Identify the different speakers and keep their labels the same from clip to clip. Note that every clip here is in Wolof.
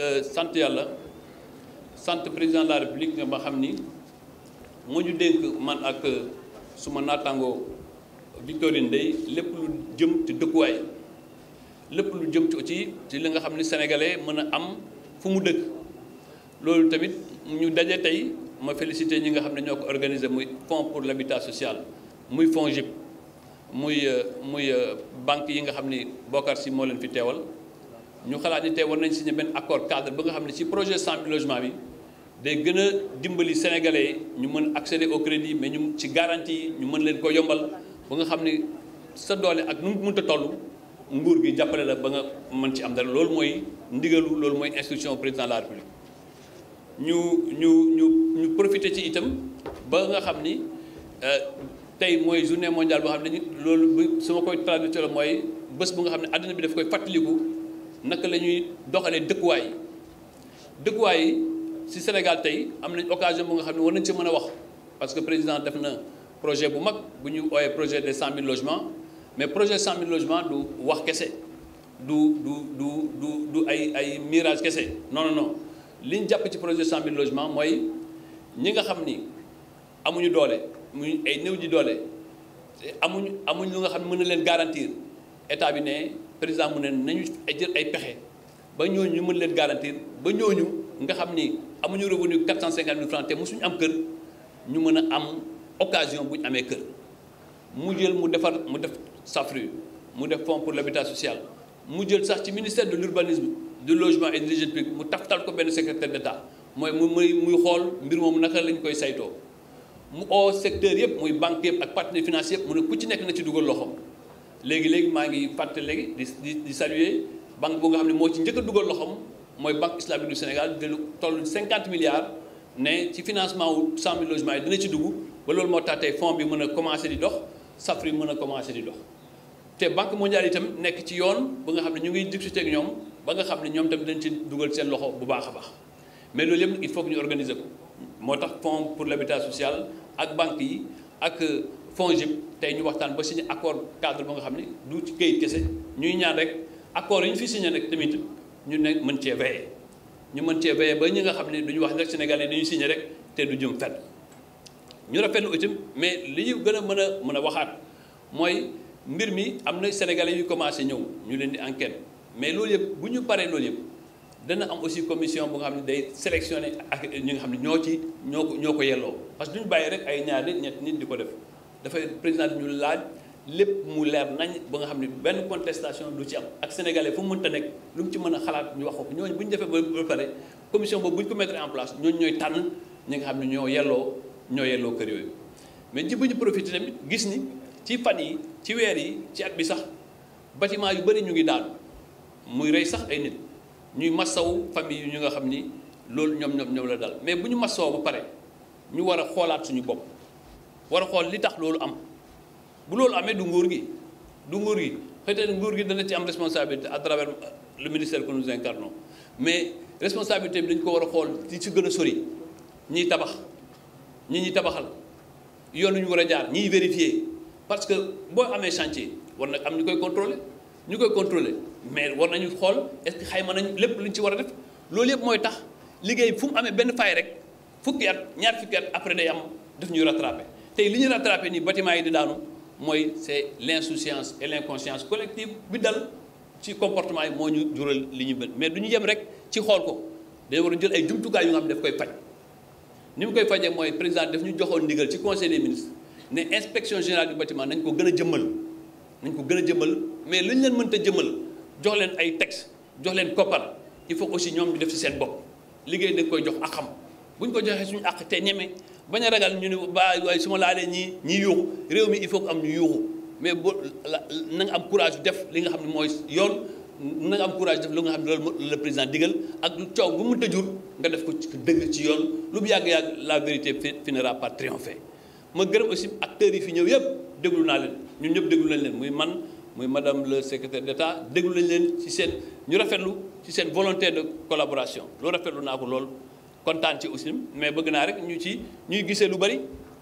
Speaker 1: Euh, sant yàlla sant président de la république nga xam ni mu ñu dénk man ak euh, suma naataangoo Victorine Ndeye lépp lu jëm ci dëkkuwaay lépp lu jëm ci aussi ci li nga xam ni sénégalais mën a am fu mu dëkk loolu tamit ñu daje tey ma félicité ñi nga xam ne ñoo ko organiser muy fonds pour l'habitat sociale muy FONGIP muy euh, muy banque yi nga xam ni Bokar Sy moo leen fi teewal ñu xalaat ni tey war nañ signé benn accord cadre ba nga xam ne ci projet 100 000 bi day gën a dimbali sénégalais ñu mën accéder au crédit mais ñu ci garantie ñu mën leen ko yombal ba nga xam ne sa doole ak mu mënta toll nguur gi jàppale la ba nga mën ci am loolu mooy ndigalu loolu mooy instruction président de la ñu ñu ñu profité ci itam ba nga xam ni euh, tey mooy journée mondiale boo xam ne loolu su ma koy traduire mooy bés bu nga xam ne àddina bi daf koy fàttaliku. naka la ñuy doxalee dëkkuwaay yi dëkkuwaay si Sénégal tey am nañ occasion bu nga xam ne war nañ ci mën a wax parce que président def na projet bu mag bu ñu ooyee projet des cent mille mais projet cent mille du wax kese du du du du du ay ay mirage kese non non li jàpp ci projet cent mooy ñi nga xam ni amuñu doole mu ay néew ji doole amuñu amuñ lu nga xam ne mën na leen garantir état bi ne. président mu ne nañu ay jël ay pexe ba ñooñu ñu mën leen garantir ba ñooñu nga xam ni amuñu revenu quatre cent cinquante mille francs te mosuñu am kër ñu mën a am occasion bu ñu amee kër mu jël mu defar mu def SAFRU mu def fonds pour l'habitat social mu jël sax ci ministère de l'urbanisme du logement et de l'hygiène mu taftal ko benn secrétaire d'État mooy mu muy muy xool mbir moomu naka lañ koy saytoo mu oo secteur yëpp muy banque yëpp ak partenaires financiers yëpp ci nekk na ci dugal loxoom. léegi léegi maa ngi fàtte léegi di di di saluer banque bu nga xam ne moo ci njëkk a dugal loxoom mooy banque islamique du Sénégal di lu toll 50 milliards ne ci financement wu 100 000 yi dina ci dugg ba loolu moo tax tey fonds bi mën a commencé di dox Safri mën a commencé di dox. te banque mondiale itam nekk ci yoon ba nga xam ne ñu ngi discuter ñoom ba nga xam ne ñoom itam dinañ ci dugal seen loxo bu baax a baax mais loolu yëpp il faut que ñu organiser ko moo tax fonds pour l'habitat social ak banque yi ak. FONGIP tey ñu waxtaan ba signé accord cadre ba nga xam ne du ci kayit kese ñuy ñaan rek accord yi ñu fi signé rek tamit ñu ne mën cee veillé ñu mën cee veillé ba ñi nga xam ne du ñu wax rek sénégalais dañuy signé rek te du jëm fenn ñu rafetlu itam mais li ñu gën a mën a mën a waxaat mooy mbir mi am na sénégalais yu commencé ñëw ñu leen di enquête mais loolu yëpp bu ñu paree loolu yëpp dana am aussi commission bu nga xam ne day sélectionné ak ñi nga xam ne ñoo ci ñoo ko ñoo ko yelloo parce que duñu bàyyi rek ay ñaari ñett nit di ko def. dafay président ñu laaj lépp mu leer nañ ba nga xam ne benn contestation du ci am ak sénégalais fu mu mënta nekk lu mu ci mën a xalaat ñu wax ko ñooñu bu ñu defee ba pare commission boobu bu ñu ko mettre en place ñooñu ñooy tànn ñi nga xam ne ñoo yelloo ñoo yelloo kër yooyu. mais ji bu ñu profité tamit gis ni ci fan yi ci weer yi ci bi sax bâtiment yu bëri ñu ngi daanu muy rey sax ay nit ñuy massaw famille yi ñu nga xam ni loolu ñoom ñoom ñoom la dal mais bu ñu massawoo ba pare ñu war a xoolaat suñu bopp. war a xool li tax loolu am bu loolu amee du nguur gi du nguur gi peut-être nguur gi dana ci am responsabilité à travers le ministère que nous incarnons mais responsabilité bi dañ ko war a xool ci si gën a sori ñiy tabax ñi ñuy tabaxal yoon lu ñu war a jaar ñiy vérifier parce que boo amee chantier war na am ñu koy contrôler ñu koy contrôler mais war nañu xool est-ce que xayma nañ lépp lu ñu ci war a def loolu yëpp mooy tax liggéey fu mu amee benn faay rek fukki at ñaar fukki après day am daf ñuy rattraper. tey li ñu la attrapé nii bâtiment yi di daanu mooy c'est l'insouciance et l'inconscience collective bi dal ci comportement yi moo ñu jural li ñu mel mais du ñu yem rek ci xool ko dañu war a jël ay jumtukaay yu nga xam daf koy faj ni mu koy fajee mooy président daf ñu joxoon ndigal ci conseil des ministres ne inspection générale du bâtiment nañ ko gën a jëmmal nañ ko gën a jëmmal mais li ñu leen mënta jëmmal jox leen ay texte jox leen koppar il faut aussi ñoom def seen bopp liggéey dañ koy jox ak xam bu ñu ko joxee suñu àq te ñeme bañ a ragal ñu ne baa waaye su ma laalee ñii ñii yuuxu réew mi il faut que am ñu yuuxu mais boo la nga am courage def li nga xam ne mooy yoon na am courage def lu nga xam ne loolu le président digal ak coow bu mu tëjur nga def ko dëgg ci yoon lu yàgg-yàgg la vérité finira par triompher ma gërëm aussi acteurs yi fi ñëw yëpp déglu naa leen ñun ñëpp déglu nañ leen muy man muy madame le secrétaire d'État déglu nañ leen ci seen ñu rafetlu ci seen volonté de collaboration loolu rafetlu naa ko lool kontaan ci aussi mais bëgg naa rek ñu ci ñuy gisee lu bari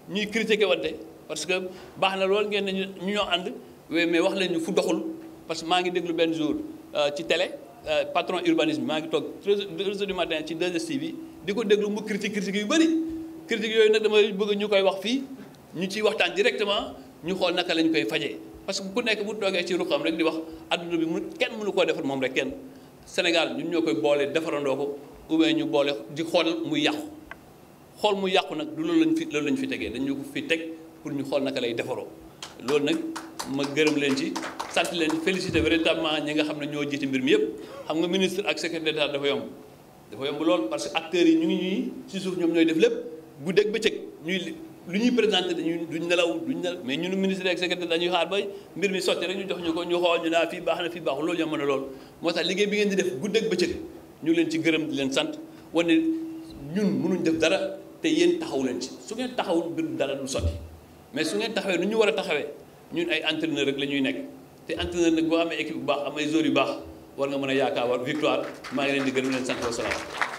Speaker 1: ñuy critiquer wante parce que baax na lool ngeen ne ñu ñoo ànd mais wax leen ñu fu doxul parce que maa ngi déglu benn jour euh, ci télé euh, patron urbanisme maa ngi toog 3 heures du matin ci 2STV bi di ko déglu mu critique critique yu bari critique yooyu nag dama bëgg ñu koy wax fii ñu ci waxtaan directement ñu xool naka lañ koy fajee parce que ku nekk bu toogee ci ruqam rek di wax adduna bi mu kenn mënu koo defar moom rek kenn Sénégal ñun ñoo koy boolee defarandoo ko ou bien ñu boole di xool muy yàqu xool mu yàqu nag du loolu lañ fi loolu lañ fi tegee dañu ko fi teg pour ñu xool naka lay defaroo loolu nag ma gërëm leen ci sant leen félicité véritablement ñi nga xam ne ñoo jiiti mbir mi yëpp xam nga ministre ak secrétaire dafa yomb dafa yomb lool que yi ñu ngi ñuy ci suuf ñoom ñooy def lépp bu dégg bëccëg ñuy lu nelaw duñ nelaw mais ministre ak secrétaire dañuy xaar ba mbir mi sotti rek ñu jox ñu ko ñu xool ñu naa ah fii baax na fii baaxul loolu yomb na lool moo tax liggéey bi ngeen ñu leen ci gërëm di leen sant wane ñun mënuñ def dara te yéen taxaw leen ci su ngeen taxawul mbir dara du sotti mais su ngeen taxawee nu ñu war a taxawee ñun ay entraîneur rek la ñuy nekk te entraîneur nag boo amee équipe bu baax amay joueurs yu baax war nga mën a yaakaar war victoire maa ngi leen di gërëm leen sant wasalaam